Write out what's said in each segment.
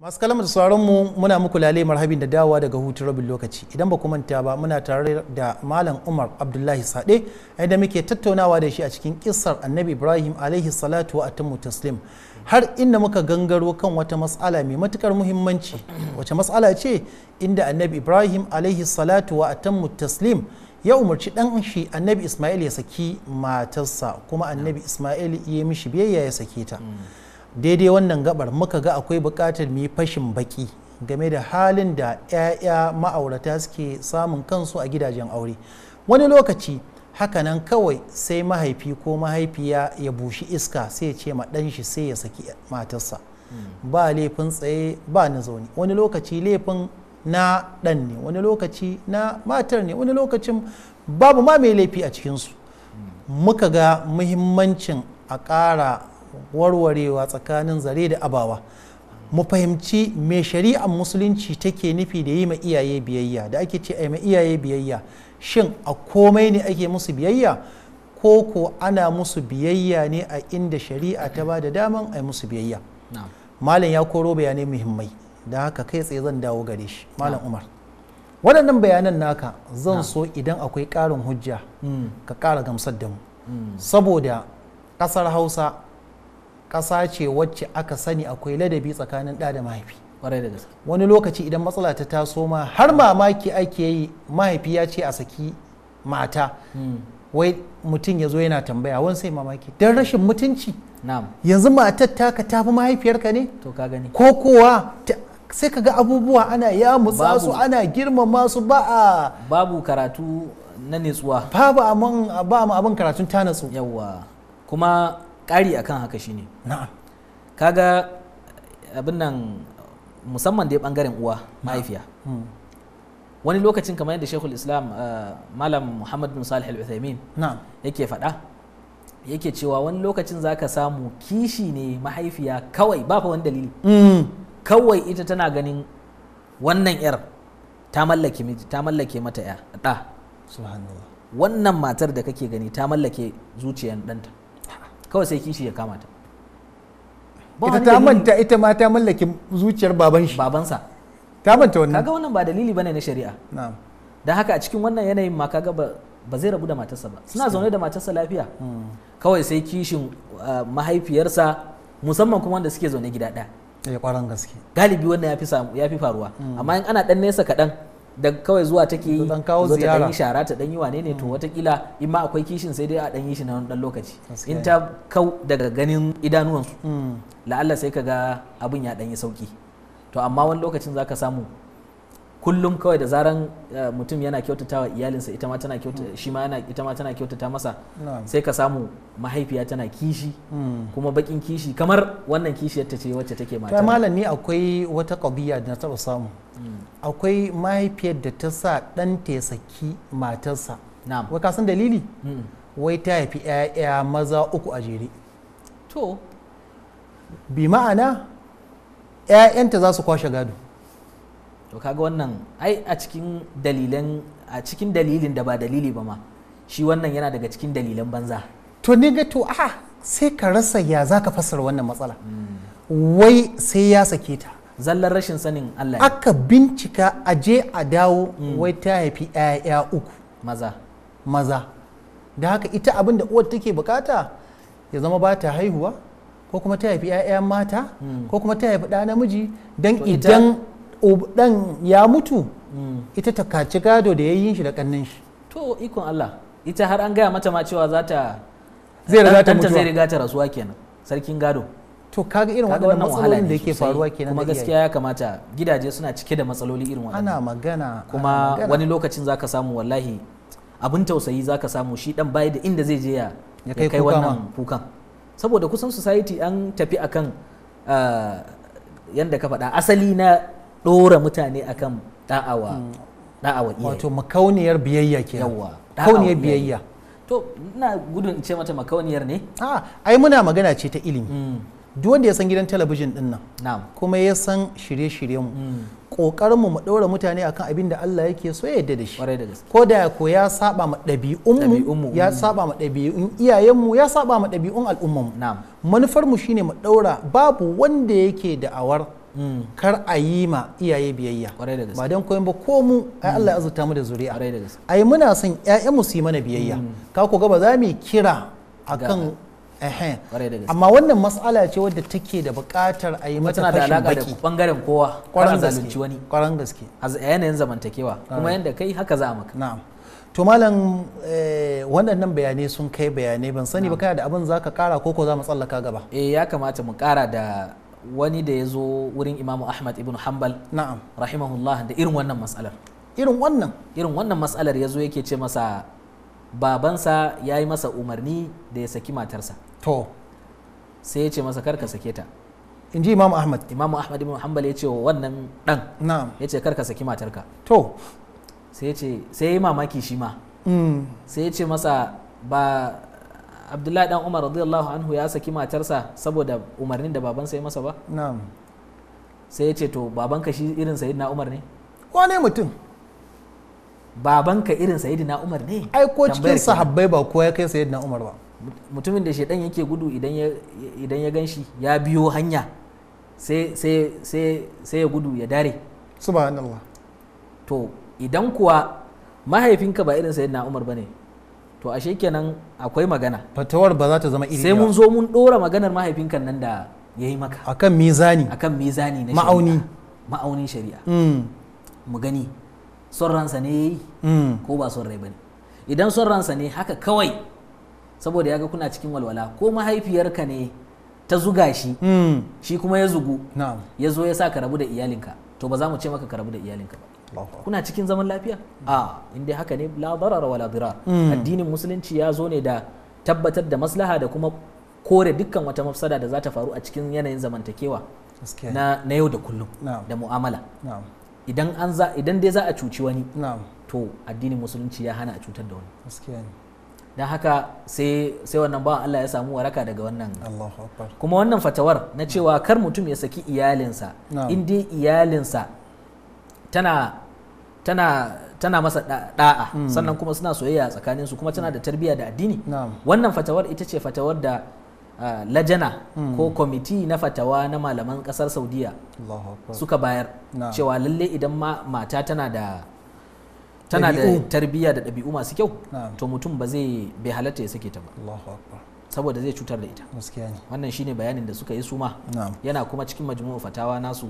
masu kalamar sauran mu muna muku lale marhabin da dawowa daga hutun rabin lokaci idan ba manta ba muna tare da malam umar abdullahi sade yadda muke tattaunawa da shi a cikin kissar annabi ibrahim alaihi salatu wa taslim har inda muka gangaro kan wata matsala mai matukar muhimmanci wace matsala ce inda annabi ibrahim alaihi salatu wa taslim ya umarci dan shi annabi ismail ya saki matarsa kuma annabi ismail ya mishi biyayya ya sake ta mm. daidai wannan gabar muka ga akwai bukatar mu yi fashin baki game da halin da 'ya'ya ma'aurata suke samun kansu a gidajen aure wani lokaci hakanan kawai sai mahaifi ko mahaifiya ya bushi iska sai ya ce ma ɗan shi sai ya saki matarsa hmm. ba laifin tsaye ba na zaune wani lokaci laifin na dan ne wani lokaci na matar ne wani lokacin babu ma mai laifi a cikinsu hmm. muka ga muhimmancin a ƙara warwarewa tsakanin zare da abawa mu fahimci me shari'ar musulunci take nufi da yi ma iyaye biyayya da ake ce ma iyaye biyayya shin a komai ne ake musu biyayya ko ko ana musu biyayya ne a inda shari'a ta ba da daman a musu biyayya malam ya koro bayanai muhimmai da haka kai tsaye zan dawo gare shi malam umar waɗannan bayanan naka zan so idan akwai ƙarin hujja hmm. ka ƙara gamsar da mu hmm. saboda ƙasar hausa ƙasa ce wacce aka sani akwai ladabi tsakanin ɗa da mahaifi wani lokaci idan matsala ta taso ma har mamaki ake yi mahaifi ya ce a saki mata hmm. wai mutum ya zo yana tambaya wani sai mamaki don rashin mutunci yanzu matar taka tafi mahaifiyarka ne ko kowa sai ka ga abubuwa ana ya mutsa su ana girmama su ba a babu karatu na nitsuwa babu ba mu abin karatun ta natsu Yawwa kuma ƙari akan haka shine na'am kaga abin nan musamman da ya bangaren uwa mahaifiya hmm. wani lokacin kamar yadda shekul islam ah, malam muhammad bin salih al-uthaymin yake faɗa yake cewa wani lokacin za ka samu kishi ne mahaifiya kawai ba fa wani dalili hmm. kawai ita tana ganin wannan yar ta mallake ta mallake mata ya da wannan matar da kake gani ta mallake zuciyar ɗanta kawai sai kishi ya kamata ita ta manta ita ma ta mallaki zuciyar baban shi babansa ta manta wannan kaga wannan ba dalili bane na shari'a na'am dan haka a cikin wannan yanayin ma kaga ba zai rabu da matarsa ba suna zaune da matarsa lafiya hmm. kawai sai kishin ah, mahaifiyarsa musamman kuma wanda suke zaune gida ɗaya ya eh, kwaran gaske galibi wannan ya fi faruwa hmm. amma in ana dan nesa kaɗan da kawai zuwa take yi dan kawo ziyara yi shara ta dan yi wane ne to mm. watakila in ma akwai kishin sai dai a dan yi shi na wani lokaci in ta kau daga ganin idanuwansu mm. la'alla sai ka ga abin ya dan yi sauki to amma wani lokacin zaka samu kullum kawai da zaran eh, mutum yana kyautata wa iyalinsa ita ma tana kyautata shi ma ita ma tana kyautata masa sai ka samu mahaifiya tana kishi hmm. kuma bakin kishi kamar wannan kishiyar ta ce wacce take mata ta malam ni akwai wata kabiya da na taba samu hmm. akwai mahaifiyar da ta sa dan ya saki matarsa na'am wai ka dalili hmm. wai ta haifi ƴaƴa maza uku a jere to bi ma'ana ƴaƴanta za su kwashe gado to kaga wannan ai a cikin dalilan a cikin dalilin da ba dalili ba ma shi wannan yana daga cikin dalilan banza to ni ga to a sai ka rasa ya zaka ka fassara wannan matsala hmm. wai sai ya sake ta zallar rashin sanin Allah aka bincika a je a dawo hmm. wai ta haifi ya uku maza maza da haka ita abin da uwar take bukata ya zama ba ta haihuwa ko kuma ta haifi 'ya'ya mata hmm. ko kuma ta haifi ɗa namiji don idan dan ya mutu ita ta kaci gado da ya yi shi da kannin shi to ikon Allah ita har an gaya mata ma cewa za ta zai riga ta mutuwa zai riga ta rasuwa kenan sarkin gado to kaga irin waɗannan matsalolin da yake faruwa kenan kuma gaskiya ya kamata gidaje suna cike da matsaloli irin waɗannan ana magana kuma wani lokacin zaka samu wallahi abin tausayi zaka samu shi dan bai da inda zai je ya kai wannan kukan saboda kusan society an tafi akan yanda ka faɗa asali na ɗora mutane akan da'awa mm. ɗa'awa iyaye wato makauniyar biyayya ke yawa makauniyar biyayya to ina gudun ce mata makauniyar ne a ai muna magana ce ta ilimi mm. duk wanda ya san gidan talabijin din nan kuma ya san shirye-shiryen mu kokarin mm. mu mu ɗora mutane akan abin da Allah yake so ya yarda da shi ko da ko ya saba ma ɗabi'un mu ya saba ma ɗabi'un iyayen mu ya saba ma ɗabi'un al'umman mu manufar mu shine mu ɗora babu wanda yake da'awar kar a yi ma iyaye biyayya ba don koyon ba ko mu ai Allah ya azurta mu da zuri'a ai muna son ƴaƴan mu su yi mana biyayya mm. ka ku ga ba za mu kira akan amma wannan matsala ce wadda take da buƙatar a yi mata fashin baki bangaren kowa kwaran zalunci wani kwaran gaske a yanayin zamantakewa kuma yanda kai haka za a maka na'am to malam eh, waɗannan bayanai sun kai bayanai ban sani ba kai da abin zaka kara ko ko za mu tsallaka gaba eh ya kamata mu kara da wani da ya zo wurin imamu ahmad ibn hanbal na'am rahimahullah da irin wannan matsalar irin wannan irin wannan matsalar ya zo yake ce masa babansa ya yi masa umarni da ya saki matarsa to sai ya ce masa karka sake ta in ji imamu ahmad imamu ahmad ibn hanbal ya ce wa wannan dan na'am ya ce karka saki matarka to sai ya ce sai ya yi mamaki shi ma mm. sai ya ce masa ba abdullahi dan umar radiyallahu anhu ya saki matarsa saboda umarnin da babansa ya masa ba na'am sai ya ce to babanka shi irin sayyidina umar ne wane mutum babanka irin sayyidina umar ne ai ko cikin sahabbai ba ko ya kai sayyidina umar ba mutumin da shedan yake gudu idan ya idan ya ganshi ya biyo hanya sai sai sai sai ya gudu ya dare subhanallah to idan kuwa mahaifinka ba irin sayyidina umar bane to ashe kenan akwai magana fatawar ba za ta zama iri sai mun zo mun dora maganar mahaifinka nan da ya yi maka akan mizani akan mizani na ma'auni ma'aunin shari'a mm. mu gani son ransa ne yayi mm. ko ba son rai bane idan son ransa ne haka kawai saboda yaga kuna cikin walwala ko mahaifiyarka ne ta zuga shi mm. shi kuma ya zugu ya zo ya sa ka rabu da iyalinka to ba za mu ce maka ka rabu da iyalinka ba kuna cikin zaman lafiya a inda haka ne la darara wala dirar hmm. addinin musulunci ya zo ne da tabbatar da maslaha da kuma kore dukkan wata mafsada da za ta faru a cikin yanayin zamantakewa na, yau da kullum da mu'amala idan an za idan dai za a cuci wani to addinin musulunci ya hana a cutar da wani don haka sai wannan bawan Allah ya samu waraka daga wannan kuma wannan fatawar na cewa kar mutum ya saki iyalinsa in iyalinsa tana tana tana masa da'a hmm. sannan kuma suna soyayya tsakanin su kuma tana hmm. da tarbiyya da addini wannan fatawar ita ce fatawar da lajana hmm. ko kwamiti na fatawa na malaman kasar saudiya suka bayar cewa lalle idan ma mata tana da tana da tarbiyya da ɗabi'u masu kyau to mutum ba zai bai halatta ya sake ta ba saboda zai cutar da ita wannan shine bayanin da suka yi suma yana kuma cikin majmu'u fatawa nasu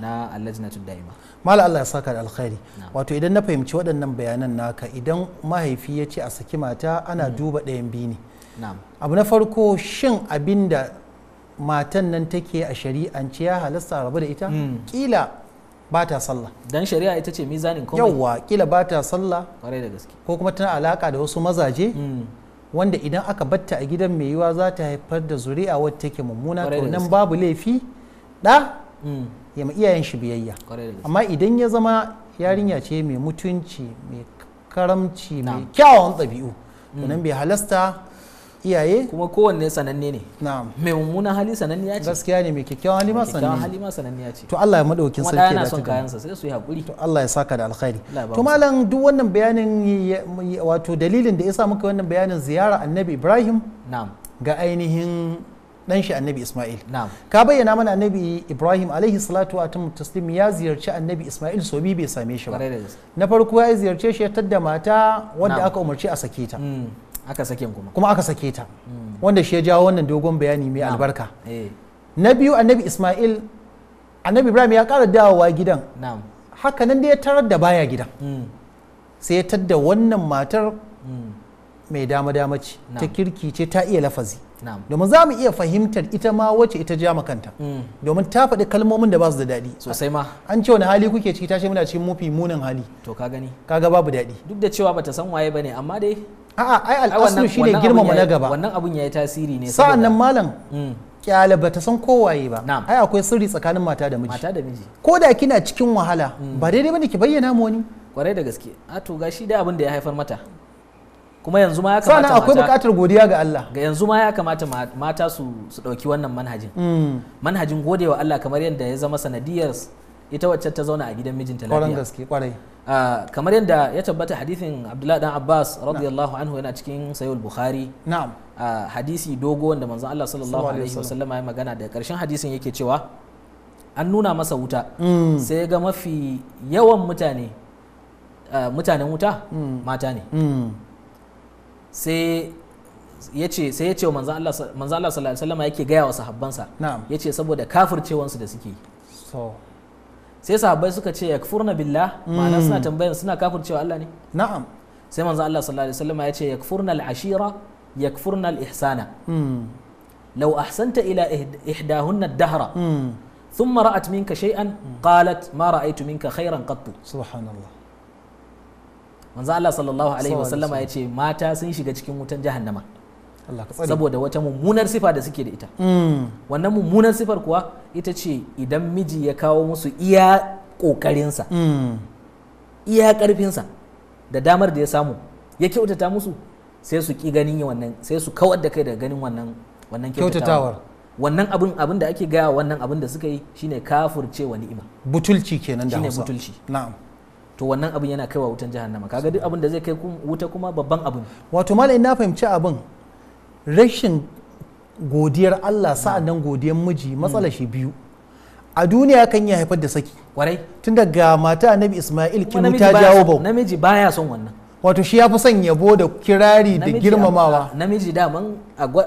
na allajnatu da'ima mala Allah ya saka da alkhairi wato idan na fahimci waɗannan bayanan naka idan mahaifi ya ce a saki mata ana mm. duba ɗayan biyu ne abu na farko shin abin da matan nan take a shari'ance ya halasta rabu da ita mm. kila ba ta sallah dan shari'a ita ce mizanin komai yawa kila ba ta sallah kwarai da gaske ko kuma tana alaka da wasu mazaje mm. wanda idan aka batta a gidan mai yiwa za ta haifar da zuri'a wadda take mummuna to nan babu laifi da mm. ya ma iyayen shi biyayya amma idan ya zama yarinya ce mai mutunci mai karamci mai kyawawan ɗabi'u to mm. nan bai halasta iyaye kuma kowanne sananne ne mai mummunan hali sananniya ce gaskiya ne mai kyakkyawan hali ma sananne sananniya ce to Allah ya madaukin sarki da yana son sai su yi hakuri to Allah ya saka da alkhairi to malam duk wannan bayanin wato dalilin da yasa muka wannan bayanin ziyara annabi Ibrahim na'am ga ainihin dan shi annabi Ismail ka bayyana mana annabi Ibrahim alaihi salatu wa taslim ya ziyarci annabi Ismail so bi bai same shi ba na farko ya ziyarce shi ya tadda mata wanda aka umarci a sake ta mm. aka sake kuma kuma aka sake ta hmm. wanda shi ya jawo wannan dogon bayani mai albarka eh. na biyu annabi isma'il annabi ibrahim ya kara dawowa gidan haka nan da ya tarar da baya gidan hmm. sai ya tadda wannan matar hmm. mai dama dama ce ta kirki ce ta iya lafazi domin za mu iya fahimtar ita ma wacce ita ja kanta domin ta faɗi kalmomin da ba su da daɗi sosai ma an ce wani hali kuke ciki ta ce muna cikin mafi munin hali to ka gani kaga babu daɗi duk da cewa bata san waye bane amma dai a'a ai al'aslu shine girmama na gaba wannan abun yayi tasiri ne sa'an nan malam mm. kyale bata san kowaye ba ai akwai sirri tsakanin mata da miji mata da miji ko da kina cikin wahala mm. ba daidai bane ki bayyana mu wani kwarai da gaske a to gashi da abin da ya haifar mata kuma yanzu ma ya kamata mata akwai bukatar godiya ga Allah ga yanzu ma ya kamata mata su su dauki wannan manhajin mm. manhajin godewa Allah kamar yadda ya zama sanadiyar ita wacce ta zauna a gidan mijinta lafiya gaske kwarai ah, kamar yadda ya tabbata hadithin abdullahi dan abbas radiyallahu anhu yana cikin sayul bukhari na'am ah, hadisi dogo wanda manzon Allah sallallahu alaihi wasallam ya magana da karshen hadisin yake cewa an nuna masa wuta mm. sai ga mafi yawan mutane ah, mutanen wuta mm. mata ne mm. sai ya ce sai ya ce manzo Allah sallallahu alaihi wasallam yake gaya wa sahabbansa ya ce saboda kafircewansu da suke so sai sahabbai suka ce yakfurna billah ma'ana suna hmm. tambayar suna kafircewa Allah ne na'am sai manzo Allah sallallahu alaihi wasallam ya ce yakfurna al-ashira yakfurna al-ihsana hmm. law ahsanta ila ihdahunna dahra hmm. thumma ra'at minka shay'an qalat ma ra'aytu minka khairan qattu subhanallah manzo Allah sallallahu alaihi wasallam ya ce mata sun shiga cikin wutan jahannama saboda wata mummunar sifa da suke da ita mm. wannan mummunar sifar kuwa ita ce idan miji ya kawo musu iya ƙoƙarinsa mm. iya ƙarfinsa da damar da ya samu ya kyautata musu sai su ki ganin wannan sai su kawar da kai daga ganin wannan wannan kyautatawar wannan abin abin da ake gaya wannan abin da suka yi shine kafirce wa ni'ima butulci kenan da Hausa shine butulci na'am to wannan abin yana kaiwa wutan jahannama kaga duk abin da zai kai wuta kuma babban abin wato malai na fahimci abin rashin godiyar Allah sa'annan godiyar miji matsala shi biyu a duniya kan iya haifar da saki warai tun daga mata annabi Ismail kin ta jawo bau namiji baya son wannan wato shi ya fi son yabo da kirari da girmamawa namiji daman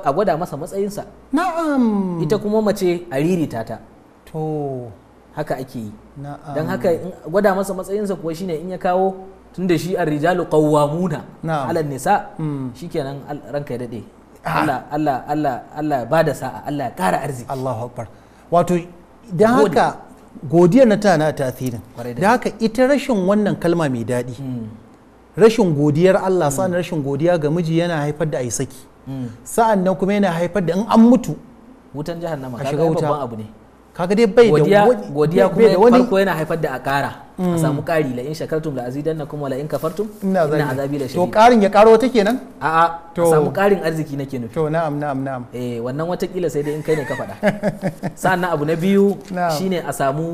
a gwada masa matsayinsa na'am ita kuma mace a ririta ta to haka ake yi don haka gwada masa matsayinsa kuwa shine in ya kawo tun da shi a rijalu kawwamuna ala nisa mm. shikenan ranka ya dade Allah Allah Allah ba da sa'a Allah ya ƙara arziki Allahu akbar wato dan haka godiya na tana tasirin da haka ita rashin wannan kalma mai daɗi hmm. rashin godiyar Allah sa'an rashin godiya ga miji yana haifar da yi saki hmm. sa'an nan kuma yana haifar da in an mutu wutan jahannama kaga babban abu ne kaga dai bai da godiya kuma farko yana haifar da a kara mm. a samu kari la in shakartum la na kuma la in kafartum ina azabi la shadid to karin ya karo wata kenan a a to samu karin arziki nake nufi to na'am na'am na'am eh wannan wata kila sai dai in kai ne ka faɗa sannan abu na biyu shine a samu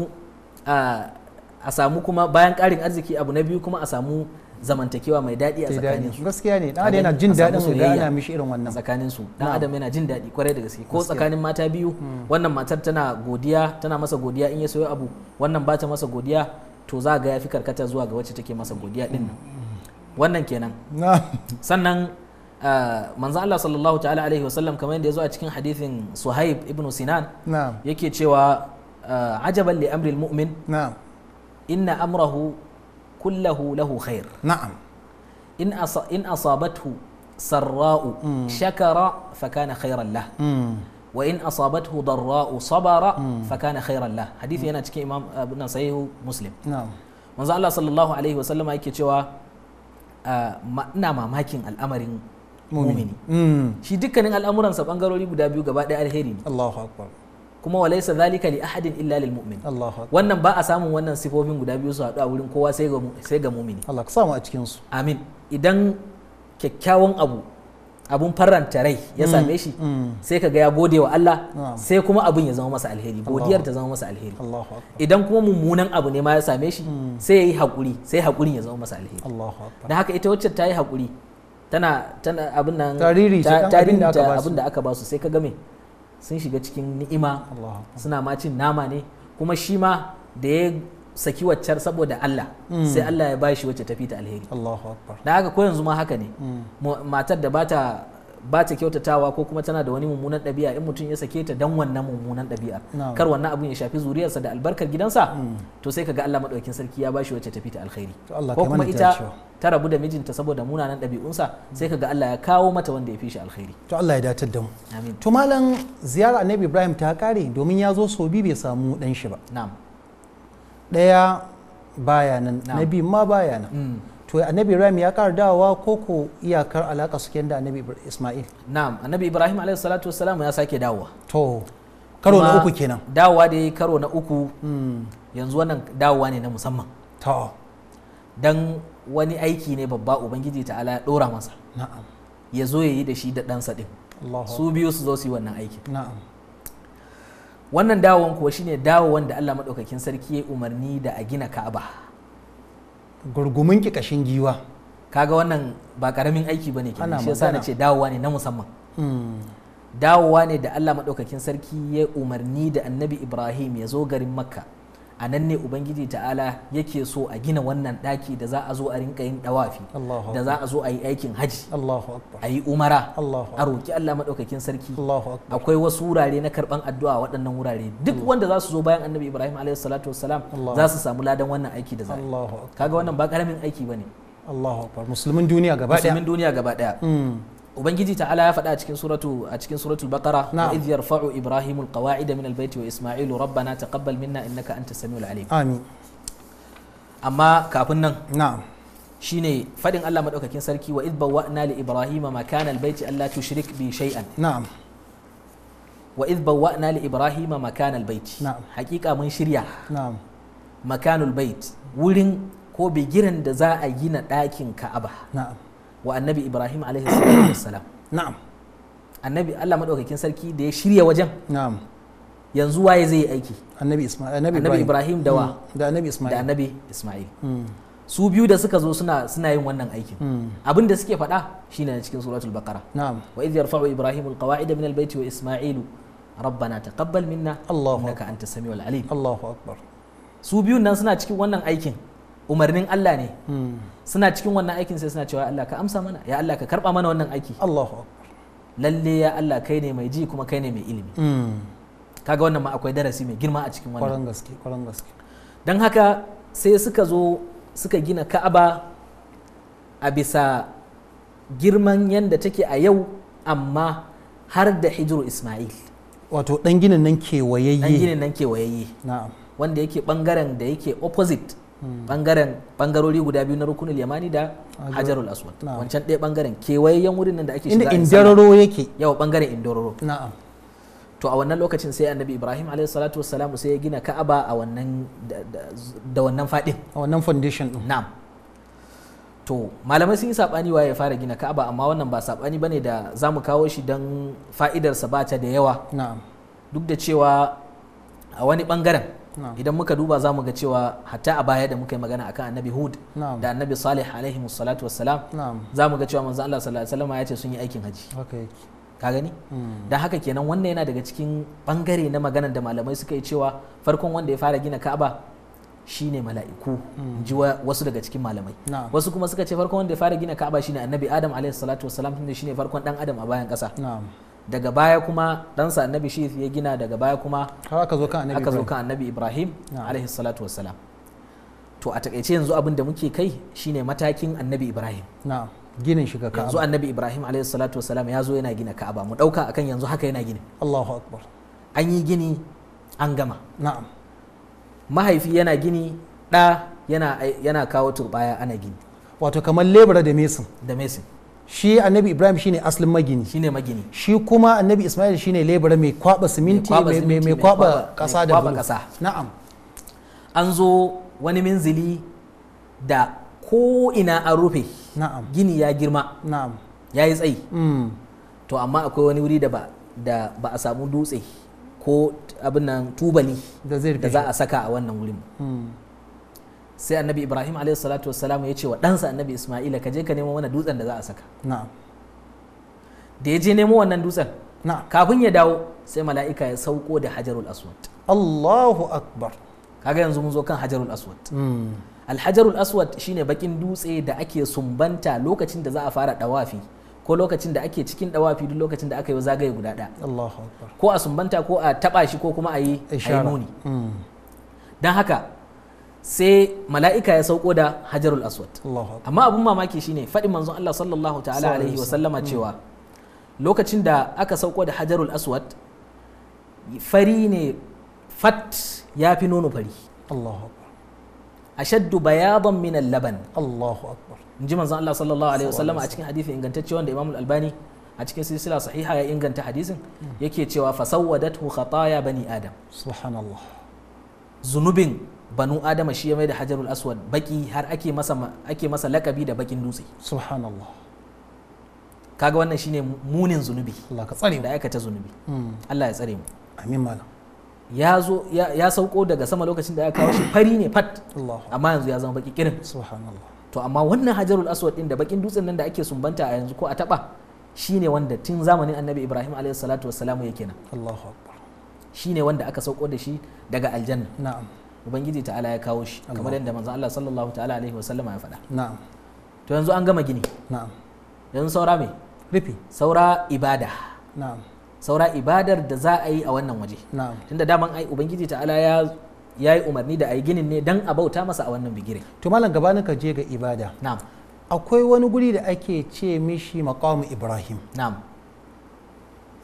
a samu kuma bayan karin arziki abu na biyu kuma a samu zamantakewa mai daɗi a tsakanin su gaskiya ne dan adam yana jin daɗin ga ana mishi irin wannan tsakanin su dan adam yana jin daɗi kwarai da gaske ko tsakanin mata biyu hmm. wannan matar tana godiya tana masa godiya in ya sayo abu wannan ba ta masa godiya to za ga yafi karkata zuwa ga wacce take masa godiya din nan wannan kenan sannan ah, manzo Allah sallallahu ta'ala alaihi wasallam kamar yadda ya zo a cikin hadithin Suhaib ibn Sinan yake cewa ah, ajaban li amri na'am inna amrahu kullahu lahu khair in asabathu sarra'u shakara fa kana khairan lah hmm. in asabathu darra'u sabara hmm. fa kana khairan lah hadisi hmm. yana cikin imam ibn sahih muslim sallallahu alaihi wasallama yake cewa ah, ina mamakin al'amarin mumini shi dukkanin al'amuransa bangarori guda biyu gaba ɗaya alheri ne kuma wa laisa zalika li ahadin illa lil mu'min wannan ba a samun wannan sifofin guda biyu su haɗu a wurin kowa sai ga sai ga mu'mini Allah ka samu a cikin su amin idan kyakkyawan abu abun faranta rai ya same mm, shi mm. sai ka ga ya gode wa Allah sai kuma abun ya zama masa alheri godiyar ta zama masa alheri idan kuma mummunan abu ne ma ya same shi mm. sai ya yi haƙuri sai haƙurin ya zama masa alheri dan haka ita wacce ta yi haƙuri tana tana abin nan tariri abin da aka ba su sai ka ga me sun shiga cikin ni'ima suna ma cin nama ne kuma shi ma da ya saki waccar saboda Allah hmm. sai Allah ya bashi wacce ta fita alheri da haka ko yanzu ma haka ne hmm. matar da bata ba ta kyautatawa ko kuma tana da wani mummunan ɗabi'a in mutum ya sake ta dan wannan mummunan ɗabi'ar kar wannan abun ya shafi zuriyarsa da albarkar gidansa mm. to sai ka ga Allah madaukakin sarki ya bashi wacce tafi ta alkhairi ko kuma ita ta rabu da mijinta saboda munanan ɗabi'unsa sai ka ga Allah ya kawo mata wanda ya fi shi alkhairi to Allah ya datar da mu amin to malam ziyara Annabi Ibrahim ta kare domin ya zo so bi bai samu dan shi ba na'am daya baya nan nabi ma baya mm. to annabi ibrahim ya kar dawa ko ko iyakar alaka su da annabi isma'il na'am annabi ibrahim alaihi salatu wasalam ya sake dawowa to karo na uku kenan dawa da karo na uku hmm. yanzu wannan dawowa ne na musamman to dan wani aiki ne babba ubangiji ta ala dora masa na'am ya zo ya yi da shi da ɗansa ɗin su biyu su zo su yi wannan aikin na'am wannan dawon kuwa shine dawowar da Allah madaukakin sarki ya umarni da a gina Ka'aba gurgumin ki kashin giwa kaga wannan ba karamin aiki bane ke shi yasa na dawowa ne na musamman hmm. dawowa ne da Allah madaukakin sarki ya umarni da annabi Ibrahim ya zo garin Makka a nan ne ubangiji ta'ala yake so a gina wannan daki da za a zo a rinka yin dawafi da za a zo a yi aikin haji a yi umara a roƙi allah maɗaukakin sarki akwai wasu wurare na karɓan addu'a waɗannan wurare duk mm. wanda za su zo bayan annabi ibrahim alayhi salatu wasalam za su samu ladan wannan aiki da za kaga wannan ba ƙaramin aiki ba ne musulmin duniya gaba ɗaya mm. ubangiji ta'ala ya faɗa a cikin suratu a cikin suratul baqara wa idh yarfa'u ibrahimu alqawa'ida min albayti wa isma'ilu rabbana taqabbal minna innaka antas samiul alim amin amma kafin nan na'am shine fadin Allah madaukakin sarki wa idh bawwa'na li ibrahima makana albayti alla tushrik bi shay'an na'am wa idh bawwa'na li ibrahima makana albayti na'am hakika mun shirya na'am makanul bait wurin ko bigiran da za a gina ɗakin ka'aba na'am wa annabi ibrahim alaihi salam na'am annabi allah madaukakin sarki da ya shirya wajen na'am yanzu waye zai yi aiki annabi isma'il annabi ibrahim da wa mm, da annabi isma'il da annabi isma'il mm. su biyu da suka zo suna suna yin wannan aikin mm. abin da suke faɗa shine cikin suratul baqara na'am wa idh yarfa'u ibrahim alqawa'ida min albayti wa isma'il rabbana taqabbal minna Allahu innaka antas samiul alim Allahu akbar su biyun nan suna cikin wannan aikin umarnin Allah ne hmm. suna cikin wannan aikin sai suna cewa Allah ka amsa mana ya Allah ka karba mana wannan aiki Allahu lalle ya Allah kai ne mai ji kuma kai ne mai ilimi hmm. kaga wannan ma akwai darasi mai girma a cikin wannan kwaran gaske kwaran gaske dan haka sai suka zo suka gina Ka'aba a bisa girman yanda take a yau amma har da hijiru Ismail wato dan ginin nan kewayayye dan ginin nan kewayayye na'am wanda yake bangaren da yake opposite Hmm. bangaren bangarori guda biyu na rukunin yamani da hajarul aswad wancan ɗaya bangaren kewayen wurin nan da ake shiga Inda indororo yake yawa bangaren indororo na'am to a wannan lokacin sai annabi ibrahim alaihi salatu wassalam sai ya gina ka'aba a wannan da wannan fadin a wannan foundation din na'am to malamai sun yi sabani waye ya fara gina ka'aba amma wannan ba sabani bane da zamu kawo shi dan fa'idarsa sa bata da yawa na'am duk da cewa a wani bangaren idan muka duba za mu ga cewa hatta a baya da muka yi magana akan annabi hud da annabi salih alaihi musallatu wassalam za mu ga cewa manzo Allah sallallahu alaihi wasallam ya ce sun yi aikin haji ka gani hmm. dan haka kenan wannan yana daga cikin bangare na maganar da malamai suka yi cewa farkon wanda ya fara gina ka'aba shine mala'iku hmm. ji wasu daga cikin malamai wasu kuma suka ce farkon wanda ya fara gina ka'aba shine annabi adam alaihi salatu wassalam tunda shine farkon dan adam a bayan kasa daga baya kuma ɗansa annabi shi ya gina daga baya kuma aka zo kan annabi ibrahim alaihi salatu wassalam to a takaice yanzu abin da muke kai shine matakin annabi ibrahim ginin shiga ka'aba yanzu annabi ibrahim alaihi salatu wassalam ya zo yana gina ka'aba mu dauka akan yanzu haka yana gini allahu akbar an yi gini an gama na'am mahaifi yana gini ɗa yana kawo turbaya ana gini wato kamar lebura da mesin da mesin shi annabi ibrahim shine asalin magini shine magini shi kuma annabi ismail shine lebura mai kwaba siminti mai kwaba kasa da kasa na'am an zo wani minzili da ko ina an rufe na'am gini ya girma na'am ya yi tsayi mm. to amma akwai wani wuri da ba da ba a samu dutse ko abin nan tubali da za a saka a wannan wurin mm. sai annabi ibrahim alaihi salatu wasalam ya ce wa ɗansa annabi isma'ila ka je ka nemo wani dutsen da za a saka da ya je nemo wannan dutsen kafin ya dawo sai mala'ika ya sauko da hajarul aswad allahu akbar kaga yanzu mun zo kan hajarul aswad hmm. alhajarul aswad shine bakin dutse da ake sumbanta lokacin da za a fara dawafi ko lokacin da ake cikin dawafi duk lokacin da aka yi zagaye guda ɗaya ko a sumbanta ko a taba shi ko kuma a yi nuni hmm. don haka sai mala'ika ya sauko da hajarul aswad amma abun mamaki shine faɗin manzon Allah sallallahu ta'ala alaihi wa sallama cewa lokacin da aka sauko da hajarul aswad fari ne fat ya fi nono fari ashaddu bayadan min laban Allahu akbar in ji manzon Allah sallallahu alaihi wa sallama a cikin hadisi ingantacce wanda Imam al-Albani a cikin silsila sahiha ya inganta hadisin hmm. yake cewa fasawwadathu khataya bani adam subhanallah zunubin banu adama shi ya mai da hajarul aswad baki har ake masa ake masa lakabi da bakin dutse subhanallah kaga wannan shine munin zunubi Allah ka tsare da aikata zunubi hmm. Allah ya tsare mu amin malam ya zo ya sauko daga sama lokacin da ya kawo shi fari ne fat amma yanzu ya zama baki kirin subhanallah to amma wannan hajarul aswad din da bakin dutsen nan da ake sumbanta a yanzu ko a taba shine wanda tun zamanin annabi ibrahim alayhi salatu wassalamu yake nan Allahu akbar shine wanda aka sauko da shi daga aljanna na'am ubangiji ta'ala ya kawo shi kamar yadda manzo Allah sallallahu ta'ala alaihi sallama ya faɗa na'am to yanzu an gama gini na'am yanzu saura me rufi saura ibada na'am saura ibadar da za a yi a wannan waje na'am tunda daman ai ubangiji ta'ala ya ya yi umarni da a yi ginin ne don a bauta masa a wannan bigire to malam gabanin ka je ga ibada na'am akwai wani guri da ake ce mishi maqam ibrahim na'am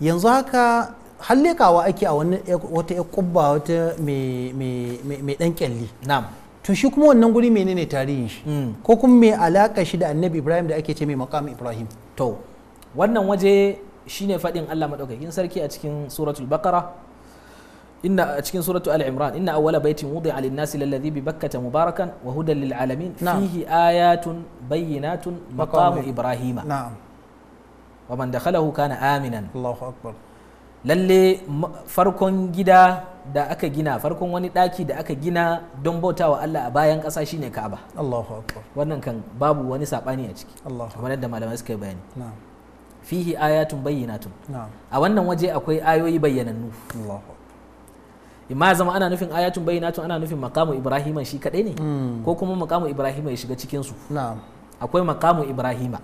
yanzu haka hallekawa ake a wata ya kubba wata mai dan kyalli to shi kuma wannan guri menene tarihin shi mm. ko kuma mai alaka shi da annabi ibrahim da ake ce mai makam ibrahim to wannan waje shine faɗin allah maɗaukakin sarki a cikin suratul bakara inna a cikin suratu al-imran inna awwala baitin wudi'a lin-nasi lalladhi bi bakkata mubarakan wa hudan lil-alamin fihi ayatun bayyinatun maqamu ibrahima na'am wa man dakhalahu kana aminan allahu akbar lalle farkon gida da aka gina farkon wani daki da aka gina don bauta wa Allah a bayan ƙasa shine Ka'aba wannan kan babu wani saɓani a ciki kamar yadda malamai suka yi bayani fihi ayatun bayyinatun a wannan waje akwai ayoyi bayyanannu ma zama ana nufin ayatun bayyinatun ana nufin makamu ibrahima shi kaɗai ne hmm. ko kuma makamu ibrahima ya shiga cikinsu akwai makamu ibrahima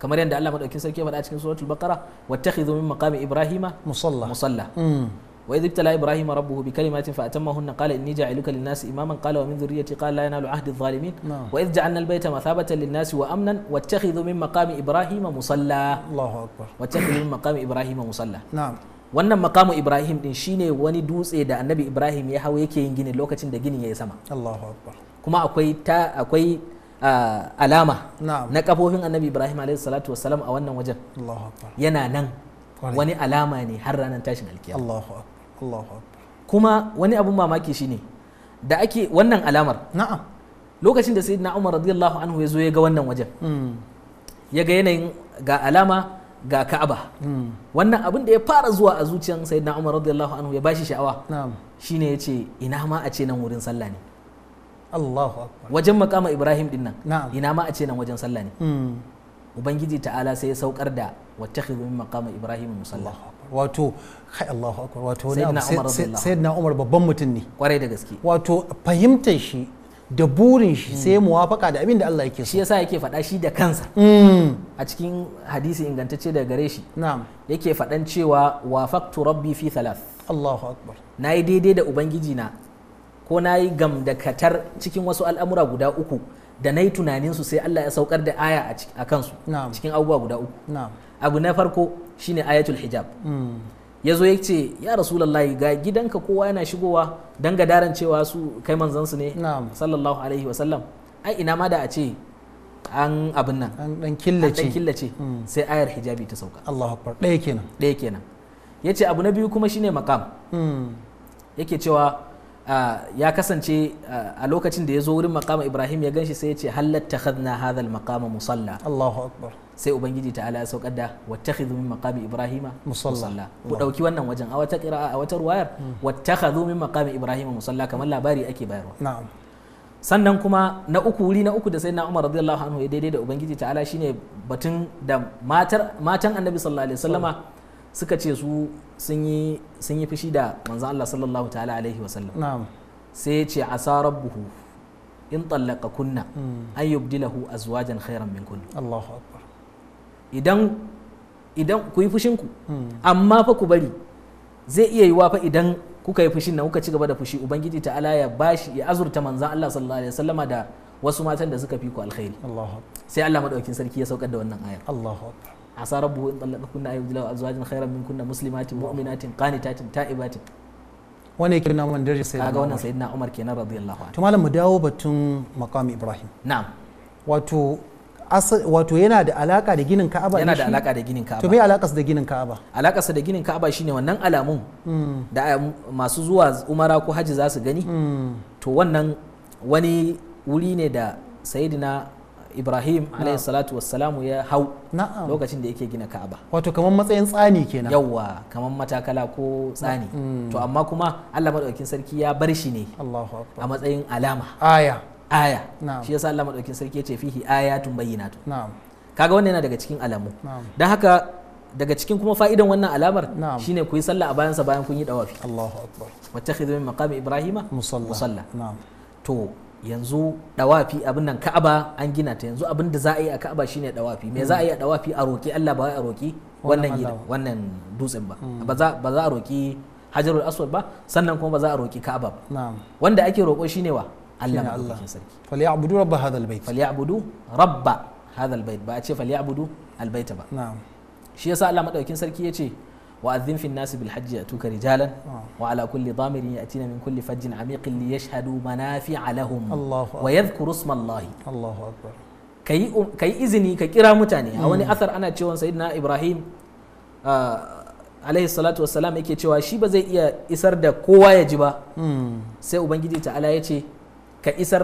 kamar yadda Allah madaukin sarki ya faɗa cikin suratul baqara wattakhidhu min maqami ibrahima musalla musalla mm. wa idh ibtala ibrahima rabbuhu bi kalimatin fa atammahunna qala inni ja'iluka lin-nasi imaman qala wa min dhurriyyati qala la yanalu ahdi adh-dhalimin wa idh ja'alna al-bayta mathabatan lin-nasi wa amnan wattakhidhu min maqami ibrahima musalla Allahu akbar wattakhidhu min maqami ibrahima musalla na'am wannan maqamu ibrahim din shine wani dutse da annabi ibrahim ya hau yake yin gini lokacin da ginin ya sama Allahu akbar kuma akwai ta akwai alama na kafofin annabi ibrahim alaihi salatu wasalam a wannan wajen yana nan wani alama ne har ranar tashin alkiyama kuma wani abun mamaki shine da ake wannan alamar lokacin da sayyidina umar radiyallahu anhu ya zo ya ga wannan wajen hmm. ya ga yanayin ga alama ga ka'aba hmm. wannan abin da ya fara zuwa a zuciyan sayyidina umar radiyallahu anhu ya bashi sha'awa shine ya ce ina ma a ce nan wurin sallah ne wajen makama ibrahim dinnan. ina ma a ce nan wajen sallah ne hmm. ubangiji ta'ala sai ya saukar da wata min maqami ibrahim musalla wato kai allahu akbar wato sayyidina umar babban mutum ne kwarai da gaske wato fahimtar shi da burin shi sai ya hmm. muwafaka da abin da Allah yake so shi yasa yake faɗa shi da kansa hmm. a cikin hadisi ingantacce daga gare shi na'am yake faɗan cewa wafaqtu rabbi fi thalath Allahu akbar nayi daidai da ubangiji na ko na yi gamdakatar cikin wasu al'amura guda uku da na yi tunaninsu sai Allah ya saukar da aya a kansu cikin abubuwa guda uku abu na farko shine ayatul hijab mm. ya zo ya ce ya rasulallahi ga gidanka kowa yana shigowa don gadaran cewa su kai manzansu ne sallallahu alaihi wasallam ai ina ma da a ce an abin nan an dan killace an killace mm. sai ayar hijabi ta sauka Allahu akbar ɗaya kenan ɗaya kenan yace abu na biyu kuma shine maqam mm. yake cewa Ah, ya kasance ah, a lokacin da ya zo wurin makama ibrahim ya ganshi sai ya ce halatta hadna hadal makama musalla allahu akbar sai ubangiji ta'ala ya saukar da wata min maqami ibrahima musalla ku dauki wannan wajen a wata qira'a a wata ruwayar hmm. wata min maqami ibrahima musalla kamar labari ake bayarwa na'am sannan kuma na uku wuri na uku da sai na Umar radiyallahu anhu ya daidai da ubangiji ta'ala shine batun da matar matan annabi sallallahu alaihi wasallama suka ce su sun yi fushi da manzo Allah sallallahu ta'ala alaihi sallam sai ya ce asa rabbuhu in tallaka kunna mm. an yubdilahu azwajan khairan min kunna Allahu akbar idan idan ku yi fushinku mm. amma fa ku bari zai iya yiwa fa idan kuka yi fushin nan kuka ci gaba da fushi ubangiji ta'ala ya bashi ya azurta manzan Allah sallallahu alaihi wasallama da wasu matan da suka fi ku alkhairi sai Allah madaukin sarki ya saukar da wannan ayar Allahu akbar asa rabbuhu in tsallaka kunna ayyuhu lahu azwajan khairan min kunna muslimatin mu'minatin qanitatin ta'ibatin wanda ya kirna wannan darajar sayyidina ga wannan sayyidina Umar kenan radiyallahu anhu to malam mu dawo batun maqami Ibrahim na'am wato wato yana da alaka da ginin Ka'aba yana da alaka da ginin Ka'aba to me alakarsa da ginin Ka'aba alakarsa da ginin Ka'aba shine wannan alamun da masu zuwa umara ko haji za su gani to wannan wani wuri ne da sayyidina ibrahim alayhi salatu wassalamu ya hau lokacin da yake gina ka'aba wato kamar matsayin tsani kenan yawa kamar matakala ko tsani mm. to amma kuma allah madaukakin sarki ya bar shi ne a matsayin alama aya aya shi yasa allah madaukakin sarki ya ce fihi ayatun bayyinatu kaga wannan yana daga cikin alamu dan haka daga cikin kuma fa'idan wannan alamar shine ku yi sallah a bayansa bayan kun yi dawafi Allahu akbar wata min maqami ibrahima musalla to yanzu dawafi abin nan ka'aba an gina ta yanzu abin da za a yi a ka'aba shine dawafi me za a yi a dawafi a roki Allah ba a roki wannan wannan dutsen ba hmm. ba za ba za a roki hajarul aswad ba sannan kuma ba za a roki ka'aba ba wanda ake roko shine wa Allah Allah sarki falyabudu rabb hadha albayt falyabudu rabb hadha albayt ba a ce falyabudu albayta ba na'am shi yasa Allah madaukin sarki yace وأذن في الناس بالحج يأتوك رجالا وعلى كل ضامر يأتين من كل فج عميق ليشهدوا منافع لهم الله أكبر ويذكروا اسم الله الله أكبر كي كي إذني ككرا متاني أولي أثر أنا تشوان سيدنا إبراهيم آه عليه الصلاة والسلام يكي تشوا شي بزي إيا إسر دا كوا يجبا سي أبنجي تعالى يتي كإسر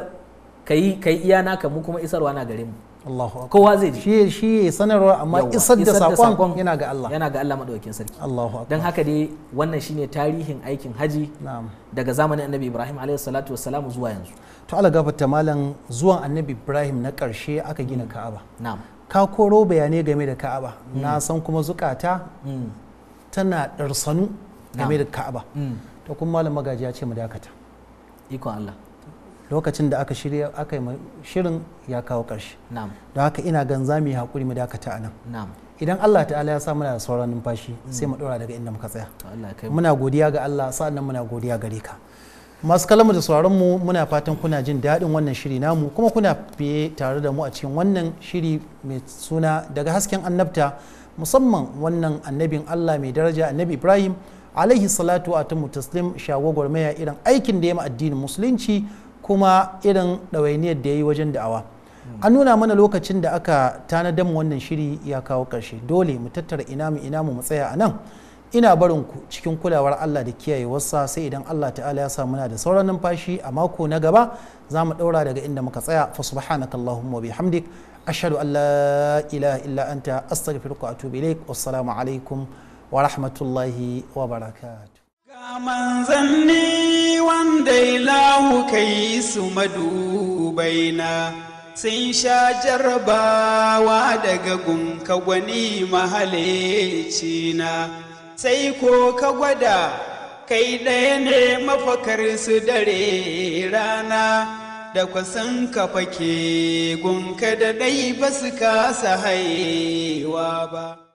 كي كي إيانا كمكم إسر وانا غريم Allahu kowa zai ji shi ya sanarwa amma isar da saƙon yana ga Allah yana ga Allah maɗaukin sarki Allahu Don haka dai wannan shine tarihin aikin haji daga zamanin Annabi Ibrahim alaihi salatu wa salam zuwa yanzu to Allah gafarta malam zuwan Annabi Ibrahim na ƙarshe aka gina mm. Ka'aba na'am ka koro bayanai game da Ka'aba mm. na san kuma zukata mm. tana ɗarsanu game da Ka'aba to kuma malam magaji ya ce mu dakata ikon Allah lokacin da aka shirya aka yi shirin ya kawo ƙarshe don haka ina gan za mu yi haƙuri mu dakata a nan idan Allah ta'ala ya sa muna da sauran numfashi sai mu mm. ɗora daga inda muka tsaya muna godiya ga Allah sa'annan muna godiya gare ka masu kalamu da sauran mu muna fatan kuna jin daɗin wannan shiri namu kuma kuna fiye tare da mu a cikin wannan shiri mai suna daga hasken annabta musamman wannan annabin Allah mai daraja annabi Ibrahim alaihi salatu wa taslim shagogwar maya irin aikin da ya ma addinin musulunci kuma irin ɗawainiyar da ya yi wajen da'awa an nuna mana lokacin da aka mu wannan shiri ya kawo ƙarshe dole mu tattara ina mu ina mu tsaya a nan ina barin ku cikin kulawar Allah da kiyaye wasa sai idan Allah ta'ala ya sa muna da sauran numfashi a mako na gaba za mu ɗaura daga inda muka tsaya fa subhanaka allahumma bihamdik ashhadu an la ilaha illa anta astaghfiruka wa atubu ilaik wassalamu alaikum wa rahmatullahi wa barakatuh manzanni wanda ilahu kai su madubaina sun sha jarabawa daga gunka gwani na sai ko ka gwada kai ɗaya ne mafakar su dare rana da kwasan ka fake gunka da ɗai ba su kasa haiwa ba